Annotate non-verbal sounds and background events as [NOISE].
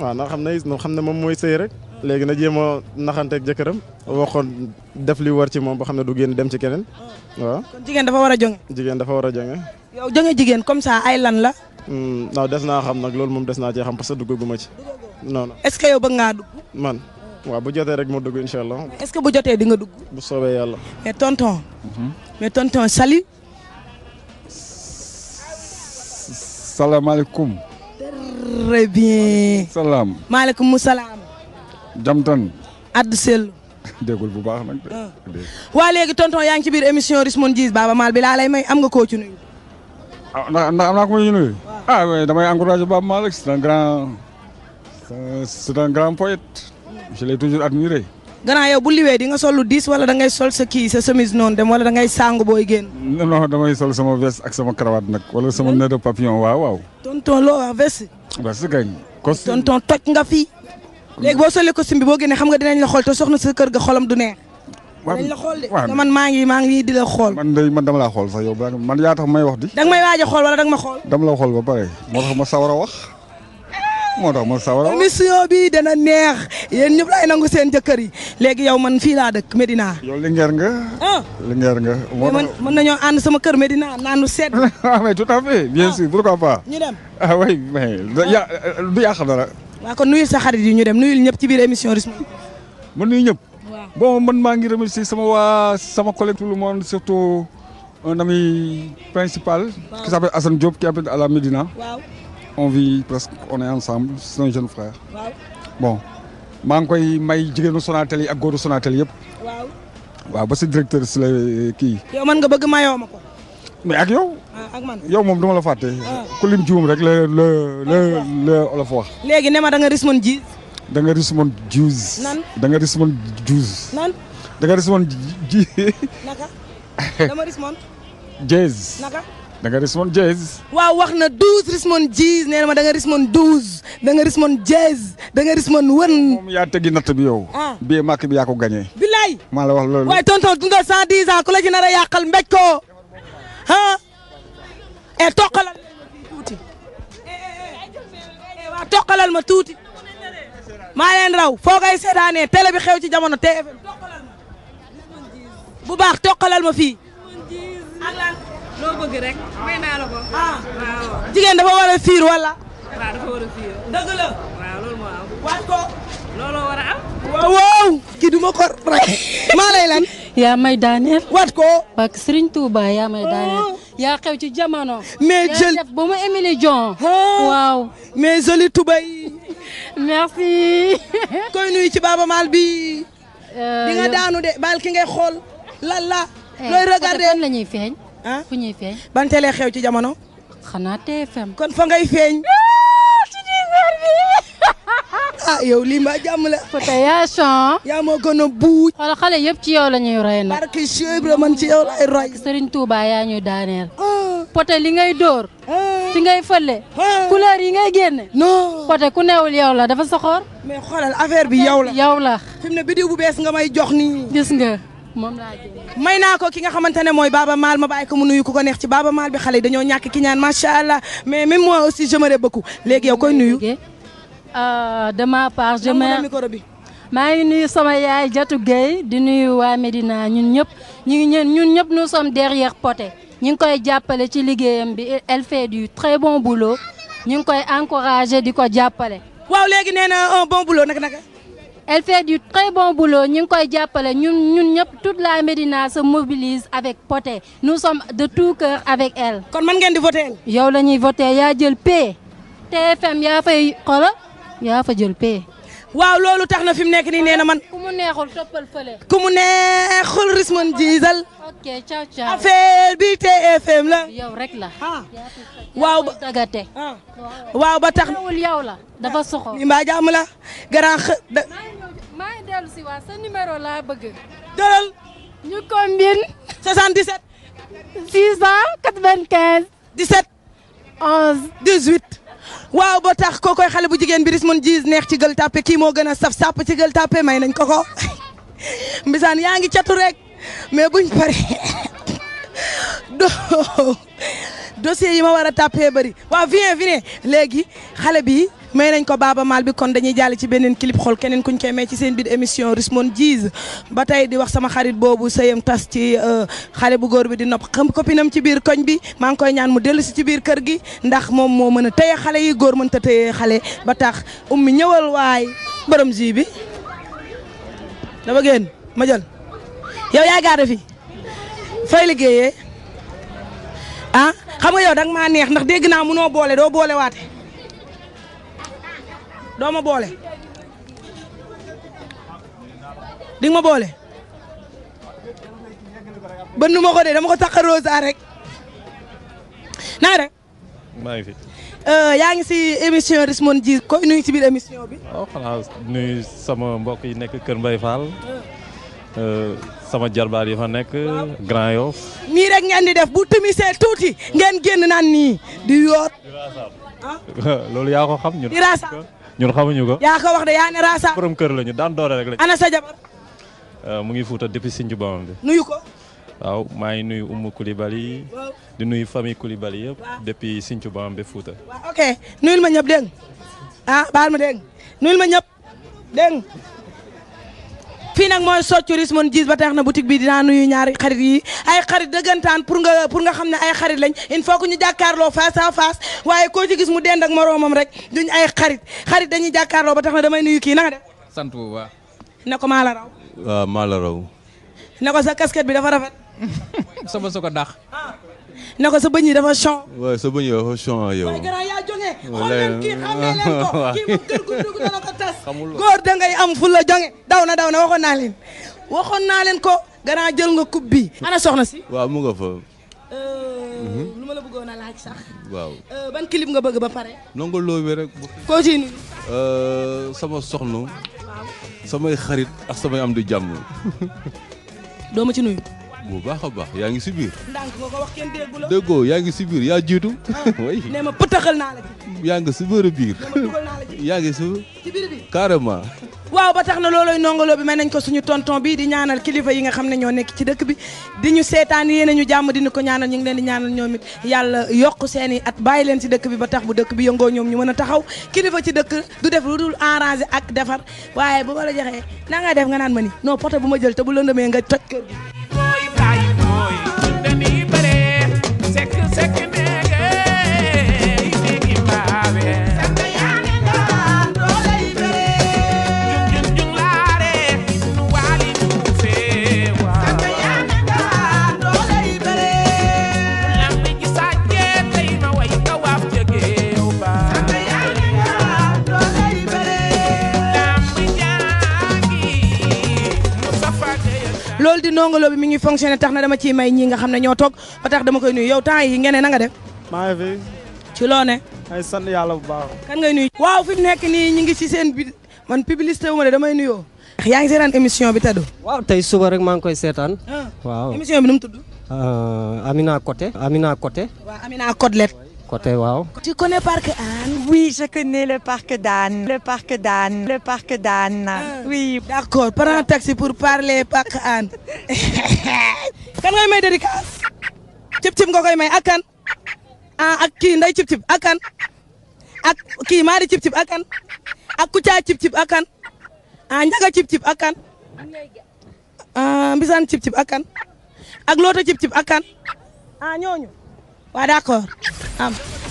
waaw na xam ne xam ne moom mooy sëy rek léegi na jéem a naxanteeg jëkkëram waxoon def li war ci moom boo xam ne du génn dem ci keneen waaw. kon jigéen dafa war a jonge. jigéen dafa war a jonge. yow jigéen comme ça ay lan la. Hmm, na des naa xam nag loolu moom des naa cee xam a que duggaguma ci. non est-ce que yow bëgg dugg. man waaw bu jotee rek moo dugg incha allah. est-ce que bu jotee di nga dugg. bu soobee yàlla. mais tonton. Mhm. mais tonton Saly. salaamaaleykum. très bien. salaam. maaleykum salaam. jamtan. addu sellu. déggul bu baax nag. Ah. waa léegi tonton yaa ngi ci biir émission Rich mon djizz Baaba Maal bi laa lay may am nga koo ci nuyu. ah ndax ndax am naa ma ci nuyu. ah oui damay encouragé Baaba Maal c'est un grand c'est un grand poète. toujours admiré. gannaaw yow bu liwee di nga sol lu diis wala da ngay sol sa kii sa chemise noonu dem wala da ngay sàngu booy génn. non damay sol sama veste ak sama cravate nag wala sama eh? nœud de papillon waaw waaw. basi kañ. costume tonton toj nga fi. léegi boo solee costume boo génnee xam nga dinañ la xool te soxna sa kër ga xolam du neex. waaw dinañ la xool de man maa ngi maa ngi di la xool. man de man laa xool sax yow man yaa tax may wax di. danga may waaj a xool wala danga ma xool. dama la xool ba pare moo tax ma sawar a wax. moo tax ma sawar émission bi dana neex yéen ñëpp laay nangu seen jëkkër yi léegi yow man fii laa dëkk Medina. yow Linguère nga. Ah. Linguère nga. moo tax mën nañoo ànd sama kër Medina naanu sedd. [LAUGHS] ah mais tout à fait bien ah. sûr pourquoi pas. ñu dem ah oui mais ah. du yàq dara. waaw kon nuyul sa xarit yi ñu dem nuyul ñëpp ci biir émission Rich Mon man nuyu ñëpp. bon man maa ngi remercier sama waa sama collègue tout le monde surtout un ami principal. sa s'appelle Assane Diop qui habite à la Médina. on vit presque on est ensemble c'est un jeune frère. bon maa ngi koy may jigéenu Sonatel yi ak góoru Sonatel yëpp. waaw waaw ba si directeur si la eh, kii. yow man nga bëgg mayoo ma ko. mais ak yow. Ah, yow moom duma la fàtte. Ah. ku lim juum rek la la la la olof wax. léegi ne ma da nga ris man ji. da nga ris man juus. nan da da nga ris man ji. naka dama ris da nga Rismon Jazz. waaw wax na 12 Rismon Jazz nee ma danga nga Rismon 12 da nga Rismon Jazz da nga Rismon wën. moom yaa tegi natt bi yow. Ah. bii màkk bi yaa ko gagné. bilaay maa la wax loolu. waaye tonton dundal 110 ans ku la nar a yàqal mbéj ko ah. Eh, et toqalal ma tuuti. Eh, eh, waaw ma tuuti. maa leen raw foo koy seetaanee télé bi xew ci jamono TFM toqalal baax toqalal ma fii. loo bëgg rek may naa la ko. ah waaw. jigéen dafa war fiir wala. waaw dafa war fiir. dëgg la. waaw loolu moo am. waat ko. looloo war a am. waaw. kii du ma ko rek. [LAUGHS] maa lay yaa may daaneel. waat ko. parce que yaa may oh. daaneel. yaa xew ci jamono. mais jël yaa def ba ma Émilie Dion. waaw. mais joli Touba [LAUGHS] [LAUGHS] koy nuyu ci Baaba Maal bi. Euh, di nga daanu de baal ki ngay xool. lan la. Eh, looy regarder fan la ñuy feeñ. ah fu ñuy feeñ. xew ci jamono. xanaa TFM. kon fa ngay feeñ. Ah, ci diiseer bi. [LAUGHS] ah yow lii mbaa jàmm la. Potayason. yaa moo gën a buuj. xool xale yëpp ci yow la ñuy roy nag. barke Cheikh Ibra man ci yow lay roy. Serigne Touba yaa ñuy daaneel. Ah. pote li ngay dóor. Ah. fi ngay fële. couleur yi ngay génne. non pote ku newul yow la dafa soxor. mais xoolal affaire bi yow la. yaw la. fi mu ne bidiw bu bees nga may jox nii. gis nga. moom laa may naa ko ki nga xamante ne mooy Baaba Maal ma bàyyi ko mu nuyu ko ko neex ci Baaba Maal bi xale yi dañoo ñàkk ki ñaan macha allah mais même moi aussi j'aimerais beaucoup léegi yow koy nuyu. Euh, dema ma part je micro maa ngi nuyu sama yaay Jatu Gueye di nuyu waa Médina ñun ñëpp ñu ngi ñun ñëpp nous sommes derrière Poté ñu ngi koy jàppale ci liggéeyam bi elle fait du très bon boulot ñu ngi koy encouragé di ko jàppale. waaw léegi nee na un bon boulot nag nag. elle fait très bon boulot ñu ngi koy jàppale ñun ñun ñëpp toute la Médina se mobilise avec Poté nous sommes de tout cœur avec elle. kon man ngeen di voté. yow la ñuy voté yaa jël P. TFM yaa fay xola yaa fa jël P. waaw loolu tax na fi mu nekk nii nee na man. ku mu neexul toppal fële. ku mu neexul Rismon jiisal. ok ciao ciao affaire TFM la. yow rek la. Ah. waaw ba dagate. Ah. tax. yow la dafa soxor. mbaa jàmm la grand dellu si waat sa numéro laa bëgg. jëlal. ñu combine. 77. 695. 17. 11. 18. waaw boo tax koo koy xale bu jigéen bi ris mun jiis neex ci gël tàppe kii moo gën a saf sàpp ci gël tàppe may nañ ko ko [LAUGHS] mbisaan yaa ngi catu rek mais buñ pare [LAUGHS] do yi ma war a tàppee bëri waaw viens viens léegi xale bi may nañ ko Baaba Maal bi kon dañuy jàll ci beneen clip xool keneen kuñ koy may ci seen biir émission Rismon Djizz ba tey di wax sama xarit boobu sëyam tas ci euh, xale bu góor bi di nopp xam nam ci biir koñ bi maa ngi koy ñaan mu dellu si ci biir kër gi ndax moom moo mën a téye xale yi góor mën ta téye xale ba tax ummi ñëwal waay borom ji bi dama génn ma jël yow yaa gaada fi fay liggéeyee ah xam nga yow danga maa neex ndax dégg naa munoo boole doo boolewaate doo ma boole di ma boole bënn ma ko de dama ko taqa rosa rek naa rek maa fi euh, yaa ngi si émission Rismon ji ko nuyu si biir émission bi waaw oh, xanaa nuyu sama mbokk yi nekk Kër Mbaye Fall euh. Euh, sama jarbaar yi fa nekk Grand Yoff nii rek ngeen di def bu timisee tuuti ngeen génn naan nii di yoot ah. [LAUGHS] loolu yaa ko xam ñu ñun xamuñu ko. yaa ko wax de yaa ne raasa. borom kër lañu daan doore rek lañu. ana sa jabar. Euh, mu ngi Fuuta depuis Sinthiou Bawam bi. nuyu ko. waaw maa ngi nuyu Oumou Coulibaly. di nuyu famille Coulibaly yëpp. depuis Sinthiou Bawam bi Fuuta. waaw ok nuyul ma ñëpp dégg ah baal ma dégg nuyul ma ñëpp dégg fii mooy Sothiourys mon ba tax na boutique bi dinaa nuyu ñaari xarit yi ay xarit dëggantaan pour nga pour nga xam ne ay xarit lañ il faut que ñu jàkkaarloo face à face waaye koo ci gis mu dend ak moroomam rek duñ ay xarit xarit dañuy jàkkaarloo ba tax na damay nuyu kii na sant bu baax. ne ko maa la raw. waaw maa la raw. ne ko sa casquette bi dafa rafet. [LAUGHS] sama soko dax. ne ko sa bëñ yi dafa chon. waaw sa bëñ yi ne xool leen am fu la jonge daw na daw na waxoon naa leen waxoon naa leen ko gannaaw jël nga coupe bi soxna si waaw mu nga fa euh, mhm. lu ma la bëggoon a laaj sax waaw euh, ban clip nga bëgg ba pare nonga loobe rek koo ci euh, sama soxna samay xarit ak samay am du jàmm doo ci nuyu bu baax a baax yaa ngi si biir. ndànk nga ko wax kenn déggu la. déggoo yaa ngi si yaa jiitu. oui ah, nee ma pëtaxal naa la ci. yaa ngi si biir biir. yaa ngi waaw ba tax na looloy nongoloo bi may nañ ko suñu tonton bi di ñaanal kilifa yi nga xam ne ñoo nekk ci dëkk bi di ñu seetaan yéen ñu jàmm di ñu ko ñaanal ñu ngi leen di ñaanal ñoom it yàlla yokk seeni at bàyyi leen ci dëkk bi ba tax bu dëkk bi yëngoo ñoom ñu mën a taxaw kilifa ci dëkk du def lu dul arranger ak defar waaye bu ma la joxee na nga def nga naan ma ni non poto bu ma jël nga toj kër gi Sé que ndongolo bi mi ngi fonctionné tax na dama ciy may ñi nga xam ne ñoo toog ba tax dama koy nuyu yow temps yi ngeen ne na nga def. ci loo ne. ay yàlla bu baax. kan ngay nuyu. waaw fi mu nekk nii ñu ngi si seen bi man publicité wu ma ne damay nuyoo. yaa ngi seetaan émission bi tëdd. waaw te suba rek maa ngi koy seetaan. Ah. waaw émission bi nu mu tudd. Euh, Amina Coté. Amina Coté. waaw Amina Cotelette. côté waaw. tu connais parc Hann. oui je connais le parc d'Anne. le parc d'Anne. le parc d'Anne. Ah. oui. d'accord prends taxi pour parler parc Hann. [LAUGHS] kan ngay may dédicace. cib cib nga may ak kan. Ah, kii nday cib cib ak kan. ak kii maa di cib cib ak kan. ak kucaa cib ah, njaga cib cib ak kan. ah mbisaan cib cib ak loota cib cib ak kan. ah waaw d'accord am